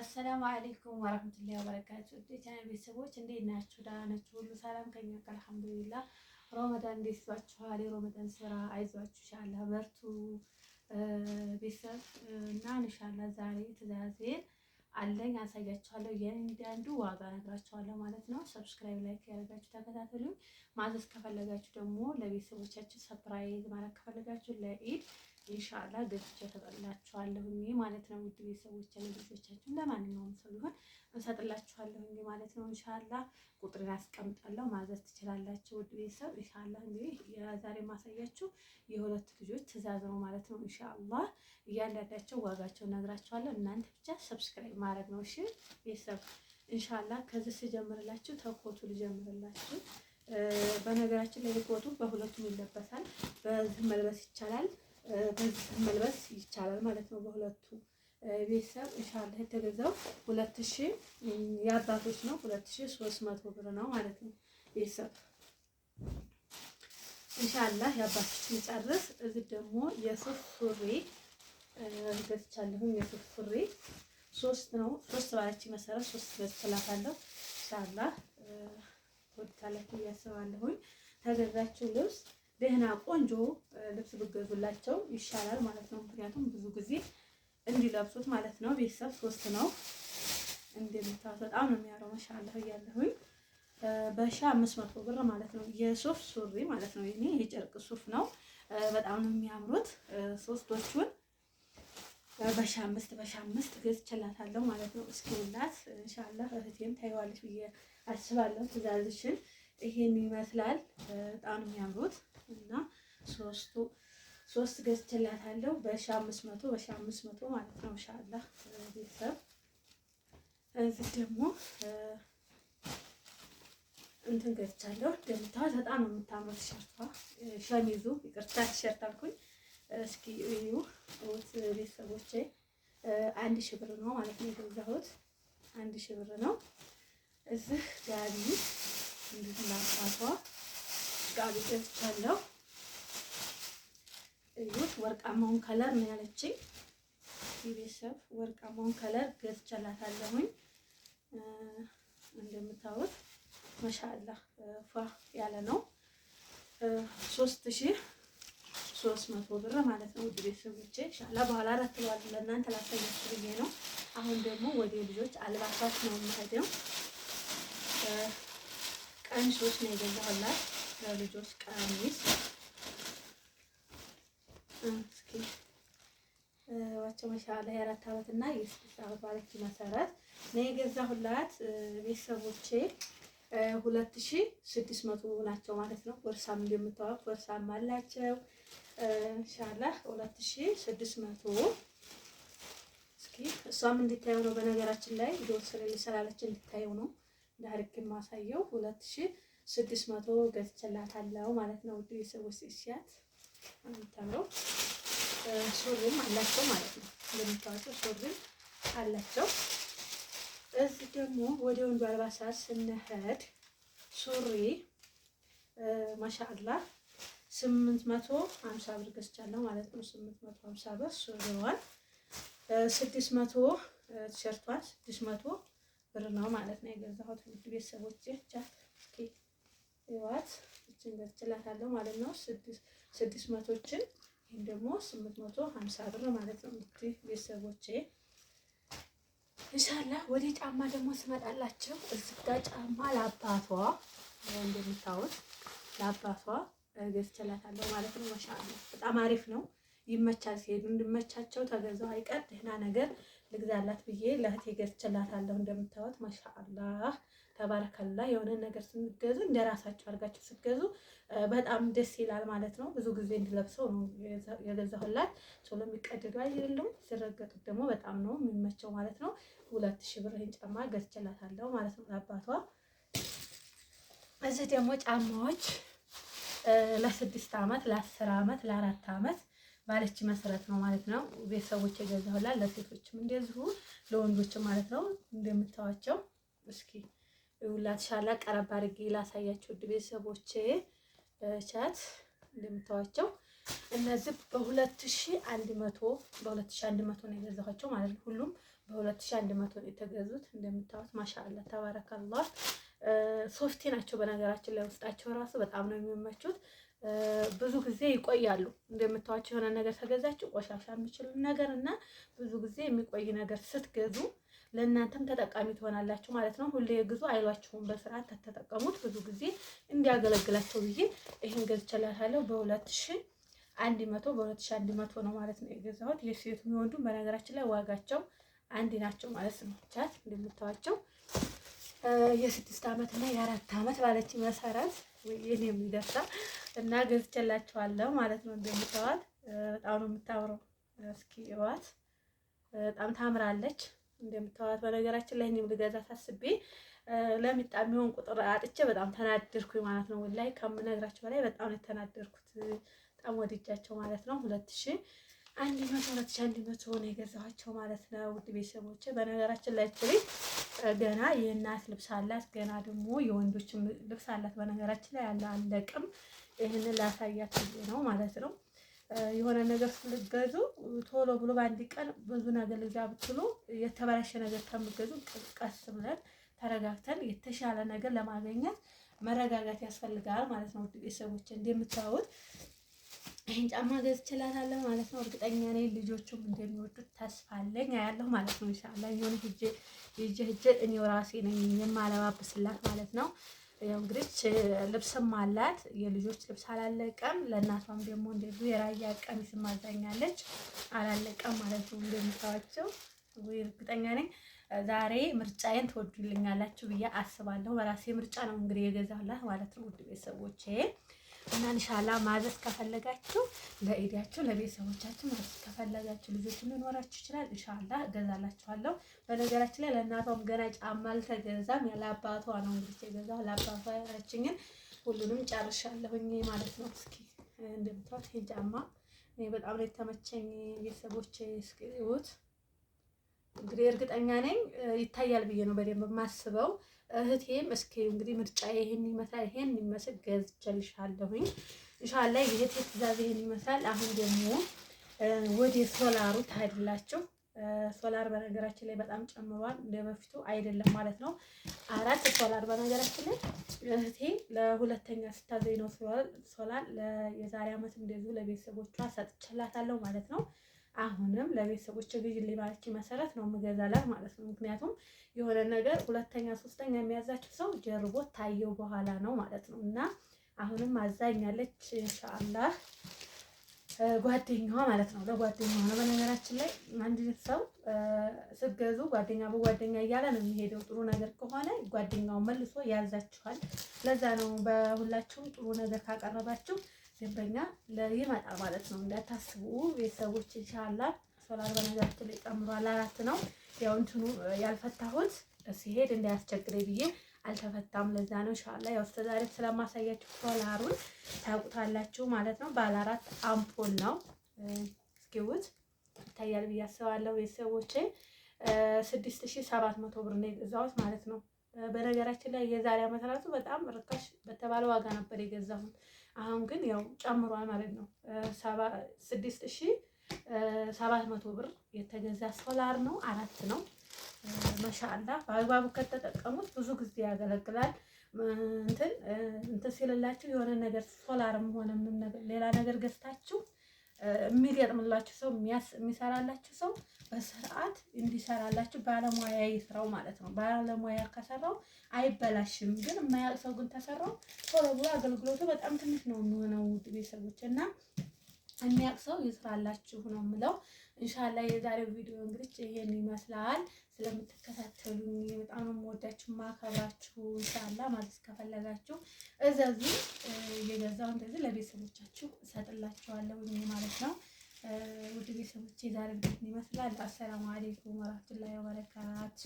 አሰላሙ አለይኩም ወረህመቱላሂ ወበረካቱ የቻናል ቤተሰቦች እንዴት ናችሁ? ደህና ናችሁ? ሁሉ ሰላም ከኛ ጋር አልሐምዱሊላህ። ሮመዳን እንዴት ይዟችኋል? የሮመዳን ስራ አይዟችሁ፣ ኢንሻላህ በርቱ ቤተሰብ እና ኢንሻላህ ዛሬ ትዕዛዜን አለኝ አሳያችኋለሁ። የእያንዳንዱ ዋጋ ነግራችኋለሁ ማለት ነው። ሰብስክራይብ ላይክ ያደረጋችሁ ተከታተሉኝ። ማዘዝ ከፈለጋችሁ ደግሞ ለቤተሰቦቻችሁ ሰፕራይዝ ማለት ከፈለጋችሁ ለኢድ ኢንሻአላ ገዝቼ እሰጥላችኋለሁኝ ማለት ነው። ውድ ቤተሰቦች ልጆቻችን ለማንኛውም ሰው ቢሆን እሰጥላችኋለሁኝ ማለት ነው። ኢንሻአላ ቁጥርን አስቀምጣለሁ ማዘዝ ትችላላችሁ። ውድ ቤተሰብ ኢንሻአላ እንግዲህ የዛሬ ማሳያችሁ የሁለት ልጆች ትእዛዝ ነው ማለት ነው። ኢንሻአላ እያንዳንዳቸው ዋጋቸው ነግራችኋለሁ። እናንተ ብቻ ሰብስክራይብ ማድረግ ነው። እሺ ቤተሰብ ኢንሻአላ ከዚህ ስጀምርላችሁ ተኮቱ ልጀምርላችሁ። በነገራችን ላይ ልቆቱ በሁለቱም ይለበሳል። በዚህ መልበስ ይቻላል በዚህ መልበስ ይቻላል ማለት ነው። በሁለቱ ቤተሰብ ኢንሻአላህ የተገዛው ሁለት ሺህ የአባቶች ነው። ሁለት ሺህ ሶስት መቶ ብር ነው ማለት ነው። ቤተሰብ ኢንሻአላህ የአባቶች እንጨርስ። እዚህ ደግሞ የሱፍ ሱሪ ገዝቻለሁኝ። የሱፍ ሱሪ ሶስት ነው። ሶስት ባለች መሰረት ሶስት ገዝቼላታለሁ። ኢንሻአላህ ወድታለች እያስባለሁኝ ተገዛችው ልብስ ደህና ቆንጆ ልብስ ብገዙላቸው ይሻላል ማለት ነው። ምክንያቱም ብዙ ጊዜ እንዲለብሱት ማለት ነው። ቤተሰብ ሶስት ነው እንደምታዩት በጣም ነው የሚያረው። ማሻአላህ እያለሁኝ በሺ አምስት መቶ ብር ማለት ነው። የሱፍ ሱሪ ማለት ነው። ይሄ የጨርቅ ሱፍ ነው። በጣም ነው የሚያምሩት። ሶስቶቹን በሺ አምስት በሺ አምስት ገዝቼላታለሁ ማለት ነው። እስኪውላት ኢንሻአላህ እህቴም ታይዋለች ብዬ አስባለሁ። ትእዛዝሽን ይሄን ይመስላል። በጣም ነው የሚያምሩት። እና ሶስቱ ሶስት ገዝቼላታለሁ በሺህ አምስት መቶ በሺህ አምስት መቶ ማለት ነው። ኢንሻአላህ ቤተሰብ እዚህ ደግሞ እንትን ገዝቻለሁ። ደምታ በጣም ነው የምታምረው ቲሸርቷ፣ ሸሚዙ ይቅርታ ቲሸርት አልኩኝ። እስኪ እዩ እውት ቤተሰቦቼ፣ አንድ ሺህ ብር ነው ማለት ነው የገዛሁት። አንድ ሺህ ብር ነው። እዚህ ጋቢ እንዲህ ላፋቷ ጋር ገዝቻለሁ። እዩት፣ ወርቃማውን ከለር ነው ያለችኝ የቤተሰብ ወርቃማውን ከለር ገዝቻላታለሁኝ። እንደምታዩት ማሻአላ ፏ ያለ ነው። ሶስት ሺህ ሶስት መቶ ብር ማለት ነው። ውድ ቤተሰቦቼ ሻላ በኋላ አራት ብሏል። ለእናንተ ላሳያችሁ ብዬ ነው። አሁን ደግሞ ወደ ልጆች አልባሳት ነው የምሄደው። ቀሚሶች ነው የገዛሁላት ለልጆች ቀሚስ እስኪ ዋቸው መሻላ የአራት ዓመት እና የስድስት ዓመት ማለት መሰረት እኔ የገዛሁላት ቤተሰቦቼ ሁለት ሺ ስድስት መቶ ናቸው ማለት ነው። ወርሳም እንደምታወቅ ወርሳም አላቸው እንሻላ ሁለት ሺ ስድስት መቶ እስኪ እሷም እንድታየው ነው። በነገራችን ላይ ዶር ስለሌ እንድታየው ነው። እንዳርግ ማሳየው ሁለት ሺ ስድስት መቶ ገዝቼላታለሁ ማለት ነው። ውድ ቤተሰቦች ሲያት የምታምረው ሱሪም አላቸው ማለት ነው። እንደሚታወቀው ሱሪም አላቸው። እዚህ ደግሞ ወደ ወንዱ አልባሳት ስንሄድ ሱሪ ማሻአላ ስምንት መቶ ሀምሳ ብር ገዝቻለሁ ማለት ነው። ስምንት መቶ ሀምሳ ብር ሱሪዋን፣ ስድስት መቶ ቲሸርቷን ስድስት መቶ ብር ነው ማለት ነው የገዛሁት ውድ ቤተሰቦች ቻት እዋት እችን ገዝቼላታለሁ ማለት ነው። ስድስት መቶችን ይህም ደግሞ ስምንት መቶ ሀምሳ ብር ማለት ነው። እንግዲህ ቤተሰቦቼ እንሻላ ወደ ጫማ ደግሞ ስመጣላቸው እዚህ ጋ ጫማ ለአባቷ እንደምታዩት ለአባቷ ገዝቼላታለሁ ማለት ነው። ማሻአላ በጣም አሪፍ ነው። ይመቻል። ሲሄዱ እንድመቻቸው ተገዛው አይቀር ደህና ነገር ልግዛላት ብዬ ለእህቴ ገዝቼላታለሁ። እንደምታዩት ማሻአላ ተባረከላ የሆነ ነገር ስንገዙ እንደ ራሳቸው አድርጋቸው ስትገዙ በጣም ደስ ይላል ማለት ነው። ብዙ ጊዜ እንድለብሰው ነው የገዛሁላት። ቶሎ የሚቀደዱ አይደለም፣ ሲረገጡት ደግሞ በጣም ነው የሚመቸው ማለት ነው። ሁለት ሺህ ብር ይህን ጫማ ገዝቼላታለሁ ማለት ነው ለአባቷ። እዚህ ደግሞ ጫማዎች ለስድስት ዓመት ለአስር ዓመት ለአራት ዓመት ባለች መሰረት ነው ማለት ነው ቤተሰቦች የገዛሁላት። ለሴቶችም እንደዚሁ ለወንዶችም ማለት ነው እንደምታዋቸው እስኪ ውላትሻላ ቀረብ አድርጌ ላሳያቸው። ውድ ቤተሰቦቼ ቻት እንደምታዋቸው እነዚህ በ2100 በ መቶ ነው የገዛኋቸው ማለት ነው። ሁሉም በ2100 ነው የተገዙት። እንደምታዩት ማሻአላ ተባረከላህ። ሶፍቲ ናቸው በነገራችን ላይ ውስጣቸው ራሱ በጣም ነው የሚመቹት። ብዙ ጊዜ ይቆያሉ። እንደምታዋቸው የሆነ ነገር ተገዛችሁ ቆሻሻ የሚችሉ ነገር እና ብዙ ጊዜ የሚቆይ ነገር ስትገዙ ለእናንተም ተጠቃሚ ትሆናላችሁ ማለት ነው። ሁሌ ግዙ አይሏችሁም። በስርዓት ተተጠቀሙት ብዙ ጊዜ እንዲያገለግላቸው ብዬ ይህን ገዝቼላታለሁ በሁለት ሺ አንድ መቶ በሁለት ሺ አንድ መቶ ነው ማለት ነው የገዛሁት። የሴቱ የወንዱም በነገራችን ላይ ዋጋቸው አንድ ናቸው ማለት ነው። ቻት እንደምታዋቸው የስድስት ዓመት እና የአራት ዓመት ባለች መሰረት ይህን የሚደርሳ እና ገዝቼላችኋለሁ ማለት ነው። እንደምታዋት በጣም ነው የምታምረው። እስኪ እዋት በጣም ታምራለች። እንደምታዋት በነገራችን ላይ እኔም ልገዛ ታስቤ ለሚጣ የሚሆን ቁጥር አጥቼ በጣም ተናደርኩኝ ማለት ነው። ላይ ከምነግራቸው በላይ በጣም የተናደርኩት በጣም ወድጃቸው ማለት ነው። ሁለት ሺ አንድ መቶ ሁለት ሺ አንድ መቶ ነው የገዛኋቸው ማለት ነው። ውድ ቤተሰቦች በነገራችን ላይ ትሪ ገና የእናት ልብስ አላት፣ ገና ደግሞ የወንዶችም ልብስ አላት። በነገራችን ላይ አለ አለቅም ይህንን ላሳያት ነው ማለት ነው። የሆነ ነገር ስትገዙ ቶሎ ብሎ በአንድ ቀን ብዙ ነገር ልግዛ ብትሉ የተበላሸ ነገር ከምገዙ ቀስ ብለን ተረጋግተን የተሻለ ነገር ለማገኘት መረጋጋት ያስፈልጋል ማለት ነው። ቤተሰቦች እንደምታዩት ይህን ጫማ ገዝ ይችላታለን ማለት ነው። እርግጠኛ ነኝ ልጆቹም እንደሚወዱት ተስፋ አለኝ ያለሁ ማለት ነው። ኢንሻላህ የሆነ ሂጄ ሂጄ እኔው ራሴ ነኝ የማለባብስላት ማለት ነው። ያው እንግዲህ ልብስም አላት። የልጆች ልብስ አላለቀም። ለእናቷም ደግሞ እንደዚሁ የራያ ቀሚስ ማዛኛለች። አላለቀም ማለት ነው እንደምታዋቸው እርግጠኛ ነኝ። ዛሬ ምርጫዬን ትወዱልኛላችሁ ብዬ አስባለሁ። በራሴ ምርጫ ነው እንግዲህ የገዛላት ማለት ነው ውድ ቤተሰቦቼ እና እንሻላ ማዘዝ ከፈለጋችሁ ለኢዲያችሁ ለቤተሰቦቻችሁ ማዘዝ ከፈለጋችሁ ልጆች ሊኖራችሁ ይችላል። እንሻላ እገዛላችኋለሁ። በነገራችን ላይ ለእናቷም ገና ጫማ አልተገዛም። ያለአባቷ ነው እንግዲህ የገዛው። ለአባቷ ያችኝን ሁሉንም ጨርሻለሁኝ ማለት ነው። እስኪ እንደምታዩት ይህ ጫማ እኔ በጣም ላይ ተመቸኝ። ቤተሰቦቼ እስኪ እዩት። እንግዲህ እርግጠኛ ነኝ ይታያል ብዬ ነው በደንብ የማስበው። እህቴም እስኪ እንግዲህ ምርጫ ይሄን ይመስላል፣ ይሄን ይመስል ገዝቼልሻለሁኝ። ኢንሻአላ ይሄ ትዕዛዝ ይሄን ይመስላል። አሁን ደግሞ ወደ ሶላሩ ታድላችሁ። ሶላር በነገራችን ላይ በጣም ጨምሯል፣ እንደ በፊቱ አይደለም ማለት ነው። አራት ሶላር በነገራችን ላይ እህቴ ለሁለተኛ ስታዘኝ ነው ሶላር የዛሬ አመት እንደዚሁ ለቤተሰቦቿ ሰጥቼላታለሁ ማለት ነው። አሁንም ለቤተሰቦች ግዢልኝ ባለችኝ መሰረት ነው የምገዛላት ማለት ነው። ምክንያቱም የሆነ ነገር ሁለተኛ ሶስተኛ የሚያዛቸው ሰው ጀርቦ ታየው በኋላ ነው ማለት ነው። እና አሁንም አዛኛለች ኢንሻአላህ ጓደኛዋ ማለት ነው። ለጓደኛዋ ነው። በነገራችን ላይ አንድ ሰው ስትገዙ ጓደኛ በጓደኛ እያለ ነው የሚሄደው። ጥሩ ነገር ከሆነ ጓደኛው መልሶ ያዛችኋል። ለዛ ነው በሁላችሁም ጥሩ ነገር ካቀረባችሁ ደንበኛ ይመጣ ማለት ነው። እንዳታስቡ ቤተሰቦች ይሻላል። ሶላር በነገራችን ላይ ጨምሯል፣ አራት ነው። ያው እንትኑ ያልፈታሁት ሲሄድ እንዳያስቸግረኝ ብዬ አልተፈታም። ለዛ ነው ሻላ ያው ዛሬ ስለማሳያችሁ ሶላሩን ታውቁታላችሁ ማለት ነው። ባለ አራት አምፖል ነው። እስኪውት ይታያል ብዬ አስባለሁ ቤተሰቦች ስድስት ሺ ሰባት መቶ ብር ነው የገዛሁት ማለት ነው። በነገራችን ላይ የዛሬ አመት ራሱ በጣም ርካሽ በተባለ ዋጋ ነበር የገዛሁት። አሁን ግን ያው ጨምሯል ማለት ነው። ስድስት ሺ ሰባት መቶ ብር የተገዛ ሶላር ነው። አራት ነው። መሻላ በአግባቡ ከተጠቀሙት ብዙ ጊዜ ያገለግላል። እንትን እንትን ሲልላችሁ የሆነ ነገር ሶላርም ሆነ ሌላ ነገር ገዝታችሁ የሚገጥምላችሁ ሰው የሚሰራላችሁ ሰው በስርዓት እንዲሰራላችሁ ባለሙያ ይስራው ማለት ነው። ባለሙያ ከሰራው አይበላሽም። ግን የማያውቅ ሰው ግን ተሰራው ቶሎ ብሎ አገልግሎቱ በጣም ትንሽ ነው የሚሆነው። ቤተሰቦች እና የሚያውቅ ሰው ይስራላችሁ ነው የምለው። እንሻላ የዛሬው ቪዲዮ እንግዲህ ይሄን ይመስላል። ስለምትከታተሉኝ በጣም የምወዳችሁ ማከብራችሁ። እንሻላ ማለት ከፈለጋችሁ እዘዙ፣ የገዛው እንደዚህ ለቤተሰቦቻችሁ እሰጥላችኋለሁ ማለት ነው። ውድ ቤተሰቦቼ ዛሬ ይመስላል። አሰላሙ አሌይኩም ወራህመቱላሂ ወበረካቱ